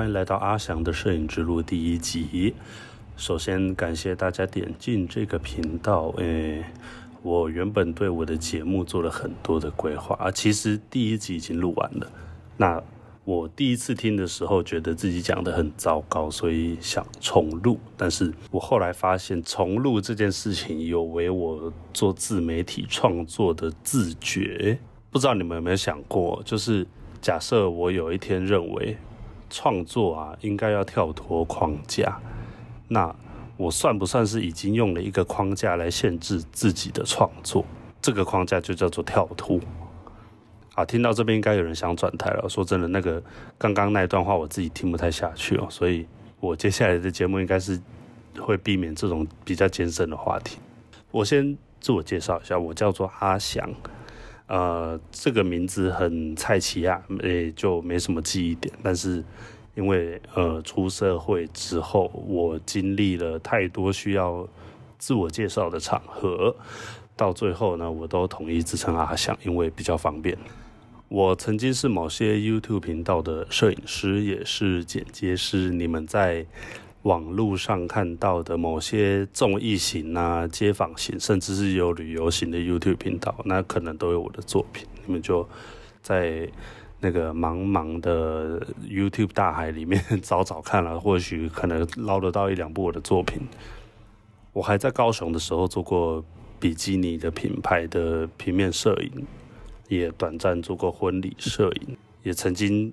歡迎來到阿翔的攝影之路第一集。首先感謝大家點進這個頻道。哎，我原本對我的節目做了很多的規劃，其實第一集已經錄完了。那我第一次聽的時候，覺得自己講得很糟糕，所以想重錄。但是我後來發現重錄這件事情有違我做自媒體創作的自覺。不知道你們有沒有想過，就是假設我有一天認為。創作啊，應該要跳脫框架。那我算不算是已經用了一個框架來限制自己的創作？這個框架就叫做跳脫。好、啊，聽到這邊應該有人想轉台了。說真的，那個剛剛那一段話我自己聽不太下去哦，所以我接下來的節目應該是會避免這種比較艱深的話題。我先自我介紹一下，我叫做阿翔。呃，這個名字很菜奇啊，也就沒什麼記憶點。但是，因為呃出社會之後，我經歷了太多需要自我介紹的場合，到最後呢，我都統一自稱阿翔，因為比較方便。我曾經是某些 YouTube 頻道的攝影師，也是剪接師。你們在網絡上看到的某些綜藝型啊、街訪型，甚至是有旅遊型的 YouTube 頻道，那可能都有我的作品。你們就在那個茫茫的 YouTube 大海裡面找找看了啊，或許可能撈得到一兩部我的作品。我還在高雄的時候做過比基尼的品牌的平面攝影，也短暫做過婚禮攝影，也曾經。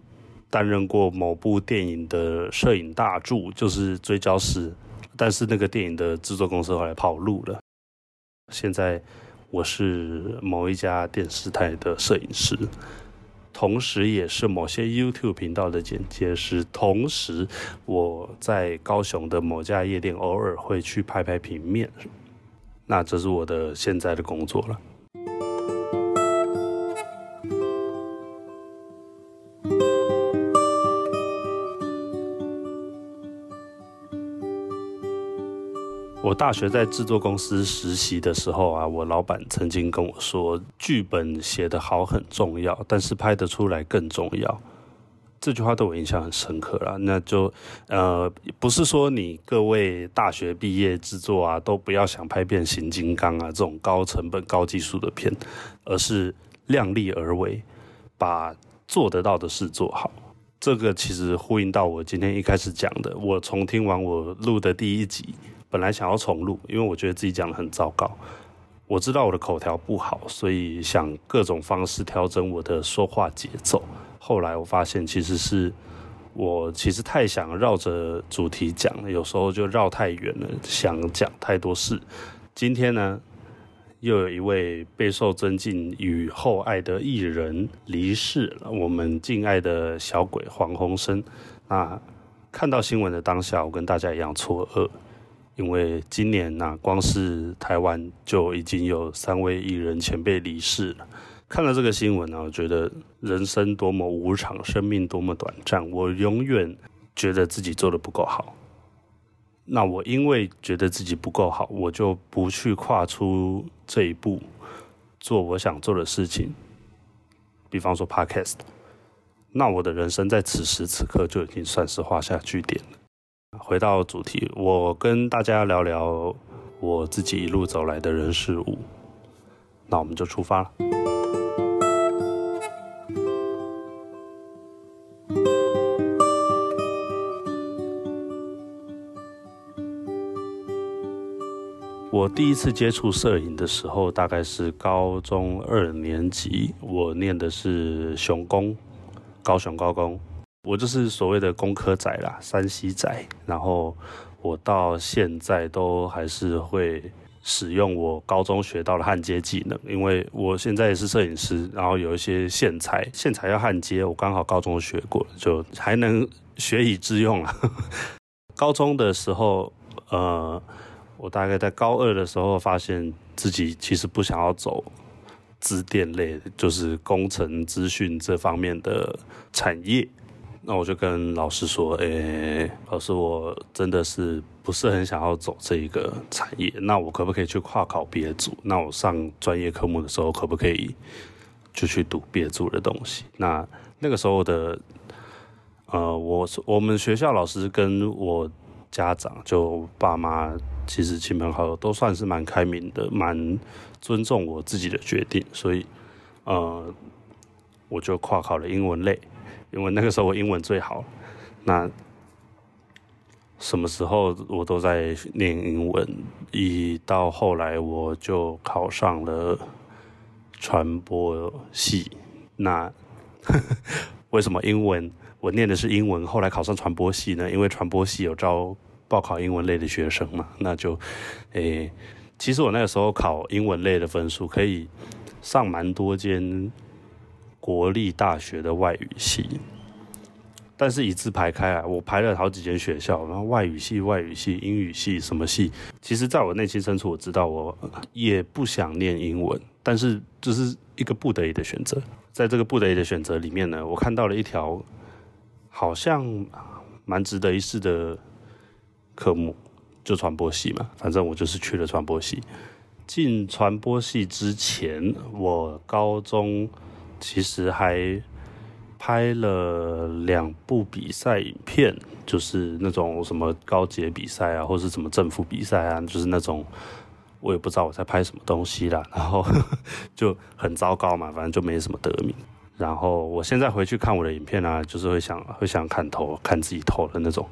擔任過某部電影的攝影大助，就是追焦師，但是那個電影的製作公司後來跑路了。現在我是某一家電視台的攝影師，同時也是某些 YouTube 頻道的剪接師。同時，我在高雄的某家夜店偶爾會去拍拍平面。那這是我的現在的工作了。我大學在製作公司實習的時候啊，我老闆曾經跟我說，劇本寫得好很重要，但是拍得出來更重要。這句話對我印象很深刻了。那就呃，不是說你各位大學畢業製作啊，都不要想拍變形金剛啊這種高成本、高技術的片，而是量力而為，把做得到的事做好。這個其實呼應到我今天一開始講的，我從聽完我錄的第一集。本來想要重錄，因為我覺得自己講得很糟糕。我知道我的口條不好，所以想各種方式調整我的說話節奏。後來我發現，其實是我其實太想繞着主題講，有時候就繞太遠了，想講太多事。今天呢，又有一位備受尊敬與厚愛的藝人離世了，我們敬愛的小鬼黃鴻升。那看到新聞的當下，我跟大家一樣錯愕。因為今年呢、啊，光是台灣就已經有三位藝人前輩離世了。看了這個新聞呢、啊，我覺得人生多麼無常，生命多麼短暫。我永遠覺得自己做的不夠好。那我因為覺得自己不夠好，我就不去跨出這一步，做我想做的事情。比方說 Podcast，那我的人生在此時此刻就已經算是畫下句點了。回到主題，我跟大家聊聊我自己一路走來的人事物。那我們就出發了。我第一次接觸攝影的時候，大概是高中二年級。我念的是雄工，高雄高工。我就是所謂的工科仔啦，山西仔。然後我到現在都還是會使用我高中學到的焊接技能，因為我現在也是攝影師，然後有一些線材，線材要焊接，我剛好高中學過，就還能學以致用了，啊。高中的時候，呃，我大概在高二的時候，發現自己其實不想要走資電類，就是工程資訊這方面的產業。那我就跟老師說：“誒、欸，老師，我真的是不是很想要走這一個產業，那我可不可以去跨考別的組？那我上專業科目的時候，可不可以就去讀別的組的東西？那那個時候的，呃，我我們學校老師跟我家長，就爸媽，其實親朋好友都算是蠻開明的，蠻尊重我自己的決定，所以，呃，我就跨考了英文類。”因為那個時候我英文最好，那什麼時候我都在念英文。一到後來我就考上了傳播系。那，呵呵，為什麼英文，我念的是英文，後來考上傳播系呢？因為傳播系有招報考英文類的學生嘛。那就，誒、欸，其實我那個時候考英文類的分數可以上蠻多間國立大學的外語系，但是一字排開啊！我排了好幾間學校，然後外語系、外語系、英語系什麼系？其實，在我內心深處，我知道我也不想念英文，但是這是一個不得已的選擇。在這個不得已的選擇裡面呢，我看到了一條好像蠻值得一試的科目，就傳播系嘛。反正我就是去了傳播系。進傳播系之前，我高中。其實還拍了兩部比賽影片，就是那種什麼高階比賽啊，或是什麼政府比賽啊，就是那種我也不知道我在拍什麼東西啦，然後 就很糟糕嘛，反正就沒什麼得名。然後我現在回去看我的影片啊，就是會想會想砍頭，砍自己頭的那種。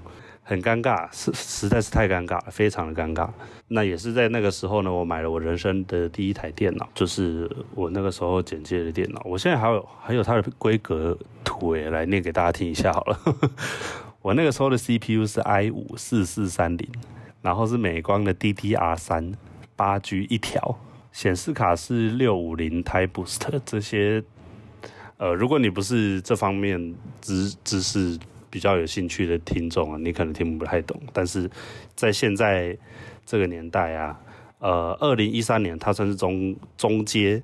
很尷尬，是實,實在是太尷尬了，非常的尷尬。那也是在那個時候呢，我買了我人生的第一台電腦，就是我那個時候剪接的電腦。我現在還有還有它的規格圖來念給大家聽一下好了。 我那個時候的 CPU 是 i 五四四三零，然後是美光的 DDR 三八 G 一條，顯示卡是六五零 Ti Boost。Bo 這些，呃，如果你不是這方面知知識。比較有興趣的聽眾啊，你可能聽不太懂，但是在現在這個年代啊，呃，二零一三年它算是中中階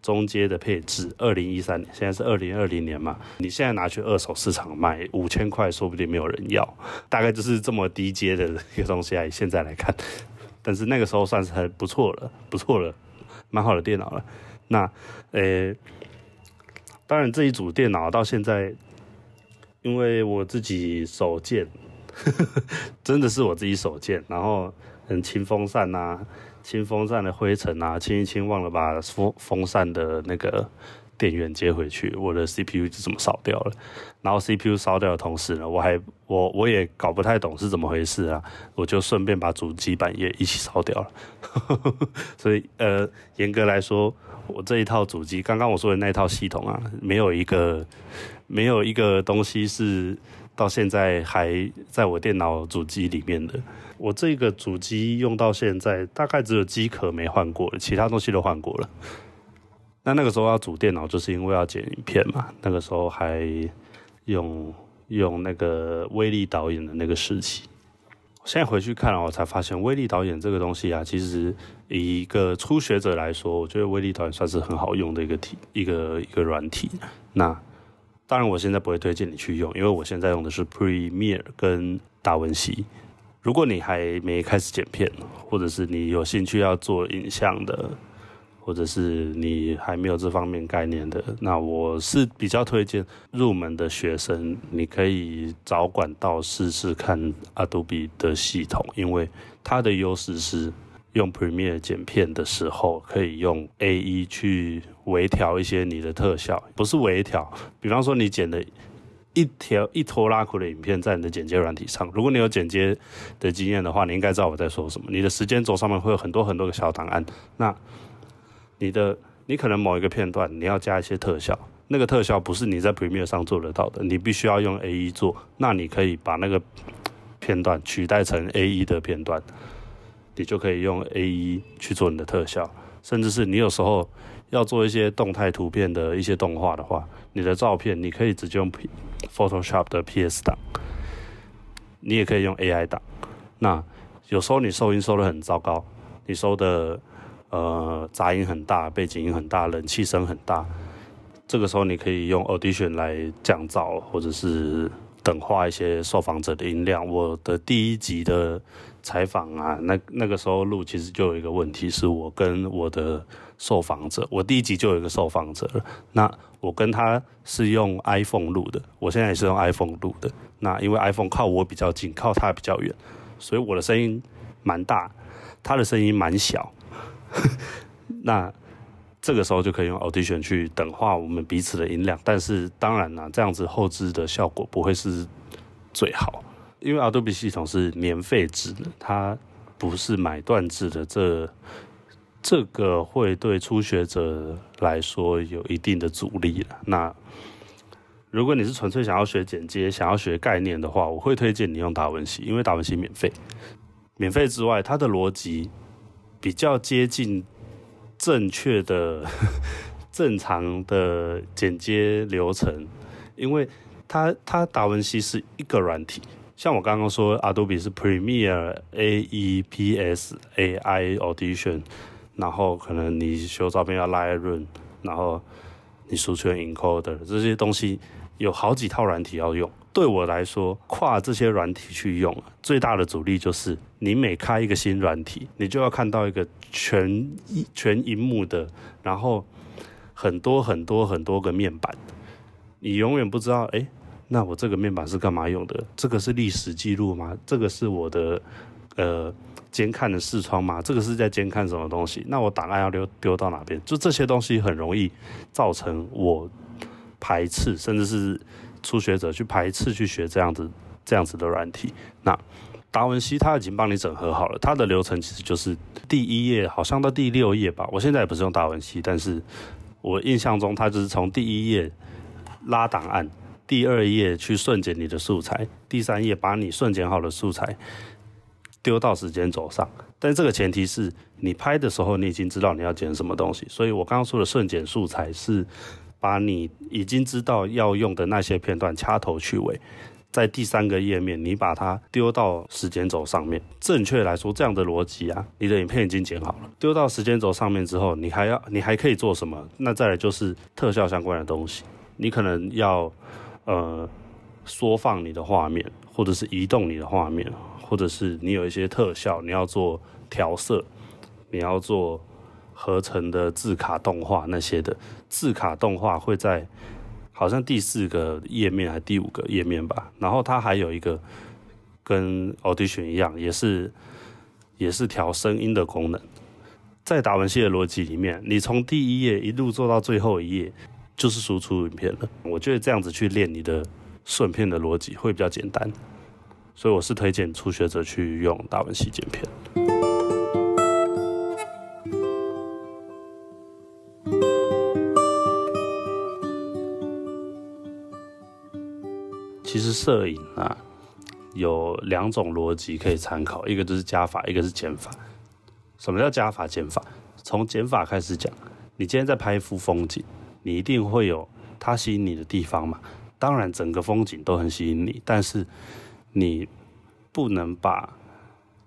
中階的配置。二零一三年，現在是二零二零年嘛，你現在拿去二手市場賣五千塊，說不定沒有人要，大概就是這麼低階的一個東西。啊，以現在來看，但是那個時候算是還不錯了，不錯了，蠻好的電腦了。那呃、欸，當然這一組電腦、啊、到現在。因為我自己手賤呵呵，真的是我自己手賤。然後，嗯，清風扇啊，清風扇的灰塵啊，清一清，忘了把風風扇的那個電源接回去，我的 CPU 就這麼燒掉了。然後 CPU 燒掉的同時呢，我還我我也搞不太懂是怎麼回事啊，我就順便把主機板也一起燒掉了。呵呵，所以，呃，嚴格來說。我這一套主機，剛剛我說的那套系統啊，沒有一個，沒有一個東西是到現在還在我電腦主機裡面的。我這個主機用到現在，大概只有機殼沒換過，其他東西都換過了。那那個時候要組電腦，就是因為要剪影片嘛。那個時候還用用那個威力導演的那個時期。現在回去看了，我才發現威力導演這個東西啊，其實以一個初學者來說，我覺得威力導演算是很好用的一個體，一個一個軟體。那當然，我現在不會推薦你去用，因為我現在用的是 Premiere 跟達文西。如果你還沒開始剪片，或者是你有興趣要做影像的。或者是你還沒有這方面概念的，那我是比較推薦入門的學生，你可以找管道試試看 Adobe 的系統，因為它的優勢是用 Premiere 剪片的時候，可以用 AE 去微調一些你的特效，不是微調。比方說你剪的一條一拖拉庫的影片在你的剪接軟體上，如果你有剪接的經驗的話，你應該知道我在說什麼。你的時間軸上面會有很多很多個小檔案，那。你的你可能某一個片段你要加一些特效，那個特效不是你在 Premiere 上做得到的，你必須要用 AE 做。那你可以把那個片段取代成 AE 的片段，你就可以用 AE 去做你的特效。甚至是你有時候要做一些動態圖片的一些動畫的話，你的照片你可以直接用、P、Photoshop 的 PS 檔。你也可以用 AI 檔，那有時候你收音收得很糟糕，你收得。呃，雜音很大，背景音很大，冷氣聲很大。這個時候，你可以用 Audition 來降噪，或者是等化一些受訪者的音量。我的第一集的採訪啊，那那個時候錄其實就有一個問題，是我跟我的受訪者，我第一集就有一個受訪者，那我跟他是用 iPhone 錄的，我現在也是用 iPhone 錄的。那因為 iPhone 靠我比較近，靠他比較遠，所以我的聲音蠻大，他的聲音蠻小。 那這個時候就可以用 Audition 去等化我們彼此的音量，但是當然啦、啊，這樣子後製，的效果不會是最好，因為 Adobe 系統是免費制的，它不是買斷制的這，這這個會對初學者來說有一定的阻力了。那如果你是純粹想要學剪接、想要學概念的話，我會推薦你用達文西，因為達文西免費，免費之外，它的邏輯。比較接近正確的呵呵、正常的剪接流程，因為它它達文西是一個軟體，像我剛剛說，阿杜比是 Premiere、AE、PS、AI、Audition，然後可能你修照片要 Lightroom，然後你輸出 Encoder 這些東西，有好幾套軟體要用。對我來說，跨這些軟體去用，最大的阻力就是，你每開一個新軟體，你就要看到一個全全熒幕的，然後很多很多很多個面板，你永遠不知道，誒，那我這個面板是幹嘛用的？這個是歷史記錄嗎？這個是我的呃監看的視窗嗎？這個是在監看什麼東西？那我檔案要丟丟到哪邊？就這些東西很容易造成我排斥，甚至是。初學者去排斥去學這樣子這樣子的軟體，那達文西他已經幫你整合好了。他的流程其實就是第一頁好像到第六頁吧。我現在也不是用達文西，但是我印象中他就是從第一頁拉檔案，第二頁去順剪你的素材，第三頁把你順剪好的素材丟到時間軸上。但這個前提是你拍的時候，你已經知道你要剪什麼東西。所以我剛剛說的順剪素材是。把你已經知道要用的那些片段掐頭去尾，在第三個頁面你把它丟到時間軸上面。正確來說，這樣的邏輯啊，你的影片已經剪好了，丟到時間軸上面之後，你還要，你還可以做什麼？那再來就是特效相關的東西，你可能要呃縮放你的畫面，或者是移動你的畫面，或者是你有一些特效，你要做調色，你要做。合成的字卡動畫那些的字卡動畫會在好像第四個頁面還第五個頁面吧，然後它還有一個跟 Audition 一樣，也是也是調聲音的功能。在達文西的邏輯裡面，你從第一頁一路做到最後一頁，就是輸出影片了。我覺得這樣子去練你的順片的邏輯會比較簡單，所以我是推薦初學者去用達文西剪片。是攝影啊，有兩種邏輯可以參考，一個就是加法，一個是減法。什麼叫加法、減法？從減法開始講。你今天在拍一幅風景，你一定會有它吸引你的地方嘛。當然，整個風景都很吸引你，但是你不能把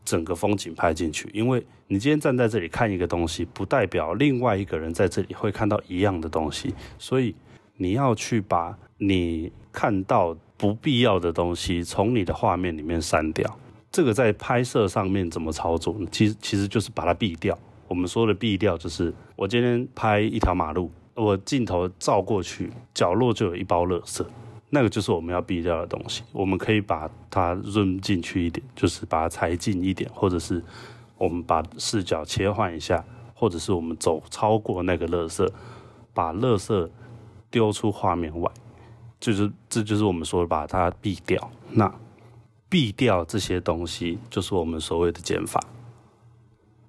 整個風景拍進去，因為你今天站在這裡看一個東西，不代表另外一個人在這裡會看到一樣的東西，所以你要去把你看到。不必要的東西從你的畫面裡面刪掉，這個在拍攝上面怎麼操作？其實其實就是把它避掉。我們說的避掉，就是我今天拍一條馬路，我鏡頭照過去，角落就有一包垃圾，那個就是我們要避掉的東西。我們可以把它 zoom 進去一點，就是把它裁近一點，或者是我們把視角切換一下，或者是我們走超過那個垃圾，把垃圾丟出畫面外。就是，這就是我們說把它避掉。那避掉這些東西，就是我們所謂的減法。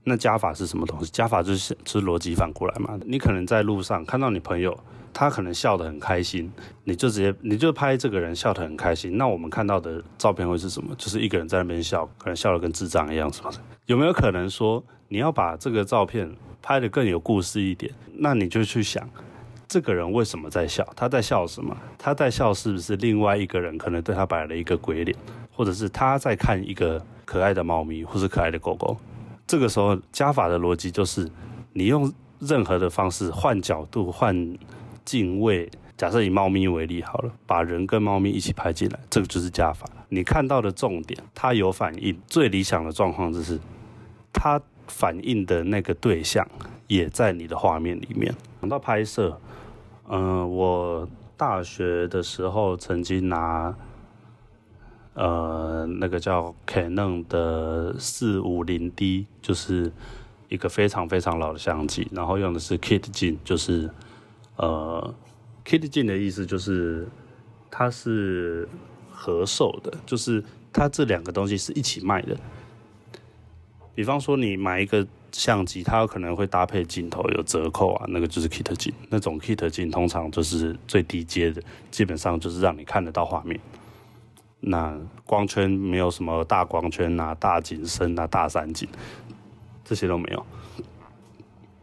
那加法是什麼東西？加法就是就是邏輯反過來嘛。你可能在路上看到你朋友，他可能笑得很開心，你就直接你就拍這個人笑得很開心。那我們看到的照片會是什麼？就是一個人在那邊笑，可能笑得跟智障一樣，什麼的。有沒有可能說你要把這個照片拍得更有故事一點？那你就去想。這個人為什麼在笑？他在笑什麼？他在笑，是不是另外一個人可能對他擺了一個鬼臉，或者是他在看一個可愛的貓咪，或是可愛的狗狗？這個時候加法的邏輯就是，你用任何的方式換角度，換鏡位。假設以貓咪為例好了，把人跟貓咪一起拍進來，這個就是加法。你看到的重點，它，有反應。最理想的狀況就是，它反應的那個對象也在你的畫面裡面。等到拍攝。嗯，我大學的時候曾經拿，呃，那個叫 Canon 的四五零 D，就是一個非常非常老的相機，然後用的是 kit 鏡就是，呃，kit 鏡的意思就是它是合售的，就是它這兩個東西是一起賣的，比方說你買一個。相機它有可能會搭配鏡頭有折扣啊，那個就是 kit 鏡，那種 kit 鏡通常就是最低階的，基本上就是讓你看得到畫面。那光圈沒有什麼大光圈啊、大景深啊、大散景，這些都沒有。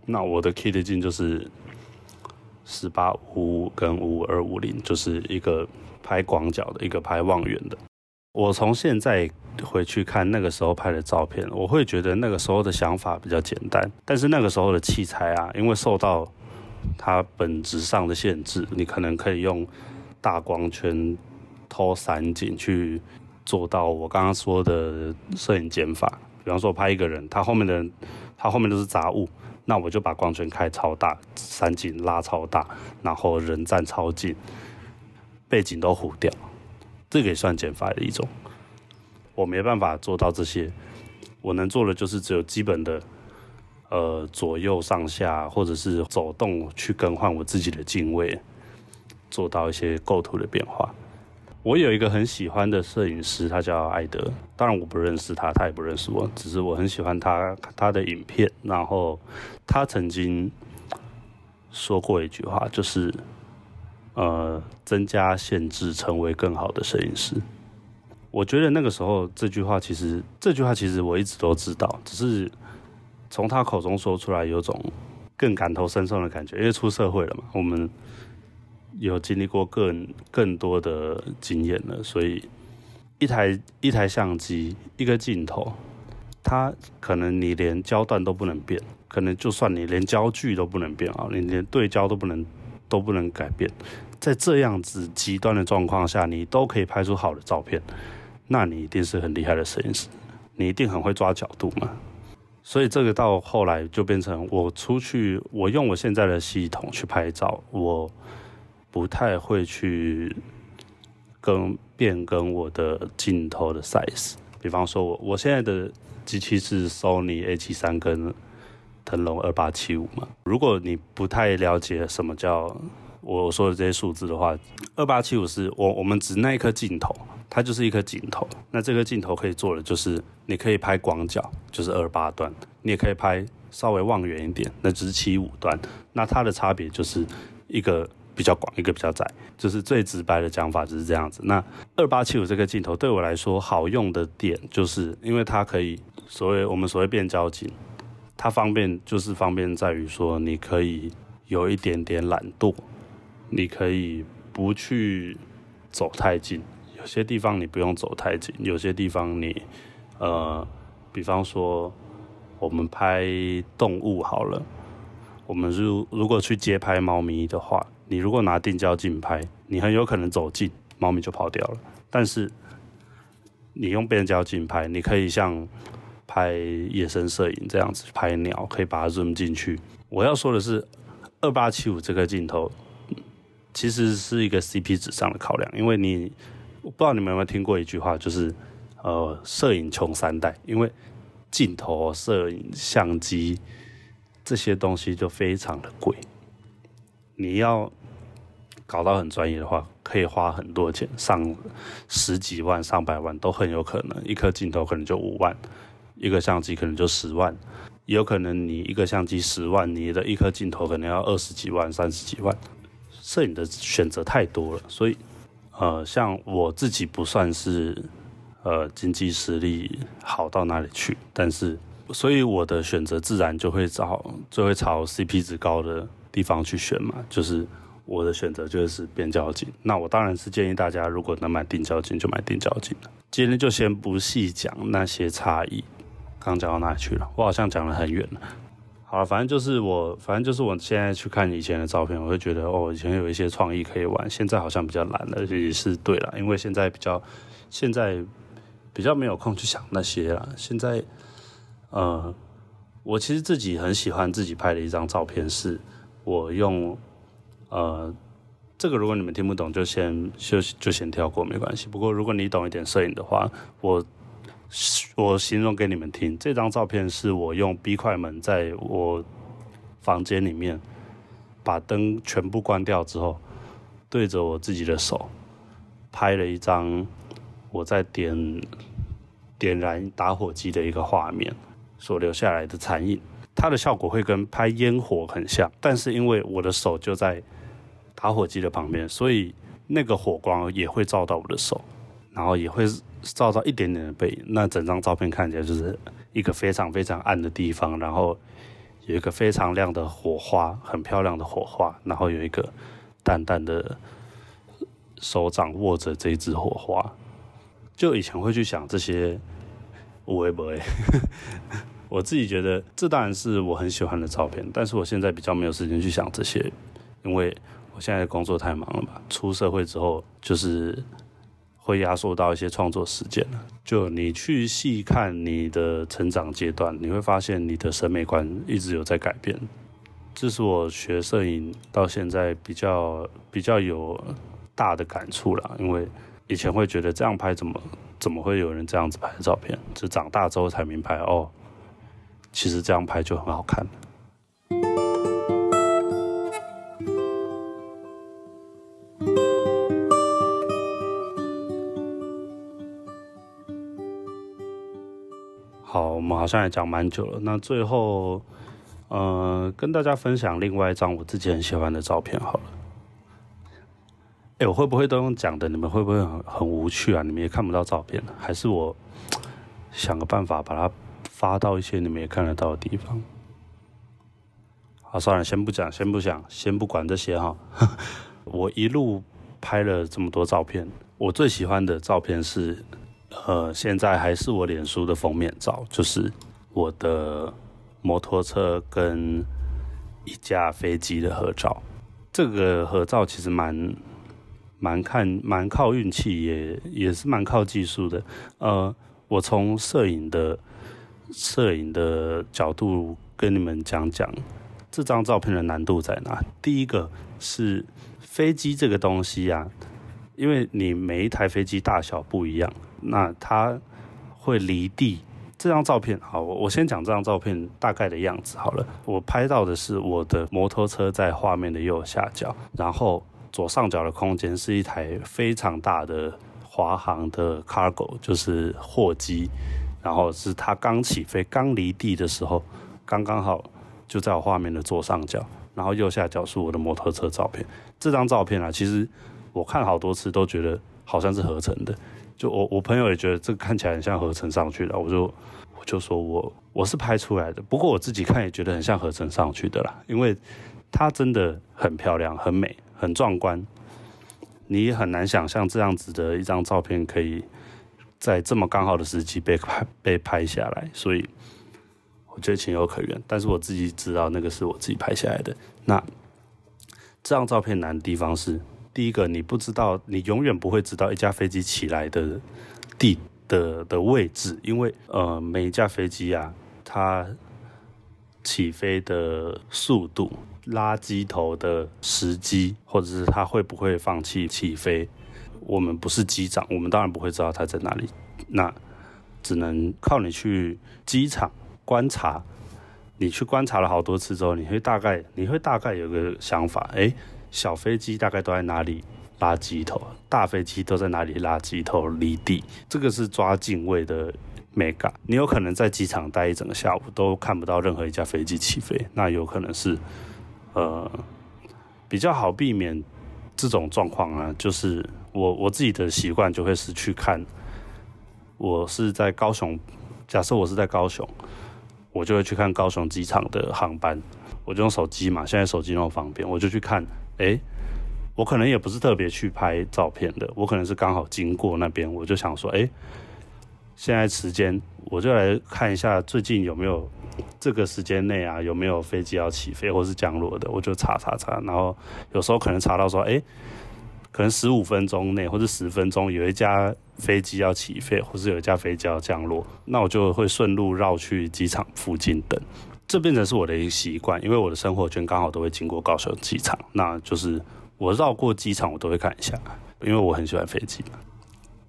那我的 kit 鏡就是十八五五跟五五二五零，就是一個拍廣角的，一個拍望遠的。我從現在。回去看那個時候拍的照片，我會覺得那個時候的想法比較簡單，但是那個時候的器材啊，因為受到它本質上的限制，你可能可以用大光圈、偷散景去做到我剛剛說的攝影減法。比方說，我拍一個人，他後面的他後面都是雜物，那我就把光圈開超大，散景拉超大，然後人站超近，背景都糊掉，這個也算減法的一種。我沒辦法做到這些，我能做的就是只有基本的，呃，左右上下或者是走動去更換我自己的鏡位，做到一些構圖的變化。我有一個很喜歡的攝影師，他叫艾德，當然我不認識他，他也不認識我，只是我很喜歡他，他的影片。然後他曾經說過一句話，就是呃，增加限制，成為更好的攝影師。我覺得那個時候這句話其實這句話其實我一直都知道，只是從他口中說出來，有種更感同身受的感覺。因為出社會了嘛，我們有經歷過更更多的經驗了，所以一台一台相機，一個鏡頭，它可能你連焦段都不能變，可能就算你連焦距都不能變啊，你連對焦都不能都不能改變，在這樣子極端的狀況下，你都可以拍出好的照片，那你一定是很厲害的攝影師，你一定很會抓角度嘛。所以這個到後來就變成我出去，我用我現在的系統去拍照，我不太會去更變更我的鏡頭的 size。比方說我我現在的機器是 Sony A 七三跟騰龍二八七五嘛。如果你不太了解什麼叫我說的這些數字的話，二八七五是我我們指那一顆鏡頭，它就是一顆鏡頭。那這個鏡頭可以做的就是，你可以拍廣角，就是二八端；你也可以拍稍微望遠一點，那就是七五端。那它的差別就是一個比較廣，一個比較窄。就是最直白的講法就是這樣子。那二八七五這個鏡頭對我來說好用的點，就是因為它可以所謂我們所謂變焦鏡，它方便就是方便在於說，你可以有一點點懶惰。你可以不去走太近，有些地方你不用走太近，有些地方你，呃，比方說我們拍動物好了，我們如如果去街拍貓咪的話，你如果拿定焦鏡拍，你很有可能走近，貓咪就跑掉了。但是你用變焦鏡拍，你可以像拍野生攝影這樣子拍鳥，可以把它 zoom 進去。我要說的是，二八七五這個鏡頭。其實是一個 CP 值上的考量，因為你，我不知道你們有沒有聽過一句話，就是呃，攝影窮三代，因為鏡頭、攝影、相機這些東西就非常的貴。你要搞到很專業的話，可以花很多錢，上十幾萬、上百萬都很有可能。一顆鏡頭可能就五萬，一個相機可能就十萬，有可能你一個相機十萬，你的一顆鏡頭可能要二十幾萬、三十幾萬。攝影的選擇太多了，所以，呃，像我自己不算是，呃，經濟實力好到哪裡去，但是，所以我的選擇自然就會找，就會朝 CP 值高的地方去選嘛，就是我的選擇就是變焦鏡。那我當然是建議大家，如果能買定焦鏡就買定焦鏡。今天就先不細講那些差異，剛講到哪裡去了？我好像講了很遠了。啊，反正就是我，反正就是我現在去看以前的照片，我會覺得哦，以前有一些創意可以玩，現在好像比較難了，也是對了，因為現在比較，現在比較沒有空去想那些了。現在，呃，我其實自己很喜歡自己拍的一張照片是，是我用，呃，這個如果你們聽不懂就，就先就就先跳過，沒關係。不過如果你懂一點攝影的話，我。我形容給你們聽，這張照片是我用 B 快門在我房間裡面把燈全部關掉之後，對着我自己的手拍了一張，我在點點燃打火機的一個畫面所留下來的殘影。它的效果會跟拍煙火很像，但是因為我的手就在打火機的旁邊，所以那個火光也會照到我的手，然後也會。照到一點點的背影，那整張照片看起來就是一個非常非常暗的地方，然後有一個非常亮的火花，很漂亮的火花，然後有一個淡淡的手掌握着這支火花。就以前會去想這些我也不會 我自己覺得這當然是我很喜歡的照片，但是我現在比較沒有時間去想這些，因為我現在工作太忙了嘛。出社會之後就是。會壓縮到一些創作時間。就你去細看你的成長階段，你會發現你的審美觀一直有在改變。這是我學攝影到現在比較比較有大的感觸了，因為以前會覺得這樣拍，怎麼怎麼會有人這樣子拍照片？就長大之後才明白，哦，其實這樣拍就很好看。好像也講蠻久了，那最後，嗯、呃，跟大家分享另外一張我自己很喜歡的照片好了。哎，我會不會都用講的？你們會不會很很無趣啊？你們也看不到照片，啊，還是我想個辦法把它發到一些你們也看得到的地方？好，算了，先不講，先不講，先不管這些哈。 我一路拍了這麼多照片，我最喜歡的照片是，呃，現在還是我臉書的封面照，就是我的摩托車跟一架飛機的合照。這個合照其實蠻蠻看蠻靠運氣，也也是蠻靠技術的。呃，我從攝影的攝影的角度跟你們講講，這張照片的難度在哪？第一個是飛機這個東西呀、啊，因為你每一台飛機大小不一樣。那它會離地。這張照片好，我我先講這張照片大概的樣子好了。我拍到的是我的摩托車在畫面的右下角，然後左上角的空間是一台非常大的華航的 cargo，就是貨機，然後是它剛起飛、剛離地的時候，剛剛好就在我畫面的左上角，然後右下角是我的摩托車照片。這張照片啊，其實我看好多次都覺得好像是合成的。就我我朋友也覺得這個看起來很像合成上去的，我就我就說我我是拍出來的，不過我自己看也覺得很像合成上去的啦，因為它真的很漂亮、很美、很壯觀，你也很難想象這樣子的一張照片可以在這麼剛好的時機被拍被拍下來，所以我覺得情有可原，但是我自己知道那個是我自己拍下來的。那這張照片難的地方是。第一個，你不知道，你永遠不會知道一架飛機起來的地的的位置，因為呃，每一架飛機呀、啊，它起飛的速度、拉機頭的時機，或者是它會不會放棄起飛，我們不是機長，我們當然不會知道它在哪裡，那只能靠你去機場觀察，你去觀察了好多次之後，你會大概，你會大概有個想法，誒。小飛機大概都在哪裡拉機頭，大飛機都在哪裡拉機頭離地，這個是抓鏡位的美感。你有可能在機場待一整個下午都看不到任何一架飛機起飛，那有可能是，呃，比較好避免這種狀況啊。就是我我自己的習慣就會是去看，我是在高雄，假設我是在高雄，我就會去看高雄機場的航班，我就用手機嘛，現在手機那麼方便，我就去看。哎、欸，我可能也不是特別去拍照片的，我可能是剛好經過那邊，我就想說，哎、欸，現在時間，我就來看一下最近有沒有這個時間內啊，有沒有飛機要起飛或是降落的，我就查查查。然後有時候可能查到說，哎、欸，可能十五分鐘內或是十分鐘有一架飛機要起飛或是有一架飛機要降落，那我就會順路繞去機場附近等。這變成是我的一個習慣，因為我的生活圈剛好都會經過高雄機場，那就是我繞過機場，我都會看一下，因為我很喜歡飛機嘛。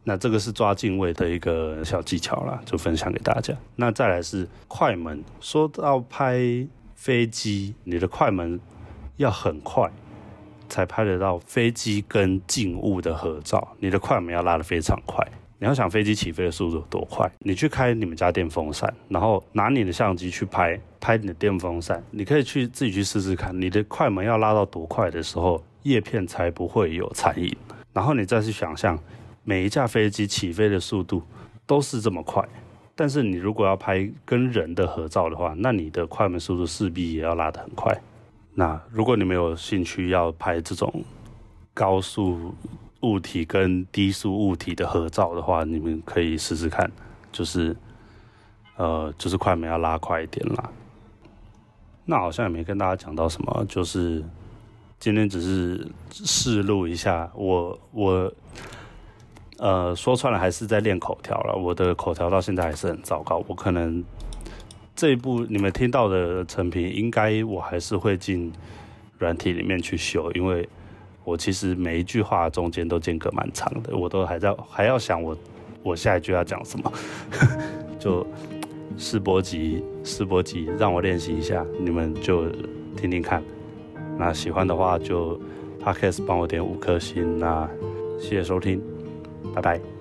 那這個是抓靜位的一個小技巧啦，就分享給大家。那再來是快門，說到拍飛機，你的快門要很快，才拍得到飛機跟靜物的合照，你的快門要拉得非常快。你要想飛機起飛的速度有多快，你去開你們家電風扇，然後拿你的相機去拍，拍你的電風扇，你可以去自己去試試看，你的快門要拉到多快的時候，葉片才不會有殘影。然後你再去想象，每一架飛機起飛的速度都是這麼快，但是你如果要拍跟人的合照的話，那你的快門速度勢必也要拉得很快。那如果你沒有興趣要拍這種高速。物體跟低速物體的合照的話，你們可以試試看，就是，呃，就是快門要拉快一點啦。那好像也沒跟大家講到什麼，就是今天只是試錄一下。我我，呃，說穿了還是在練口條了。我的口條到現在還是很糟糕。我可能這一步你們聽到的成品，應該我還是會進軟體裡面去修，因為。我其實每一句話中間都間隔蠻長的，我都還在，還要想我我下一句要講什麼， 就試播集試播集，讓我練習一下，你們就聽聽看。那喜歡的話就 Podcast 幫我點五顆星，那，謝謝收聽，拜拜。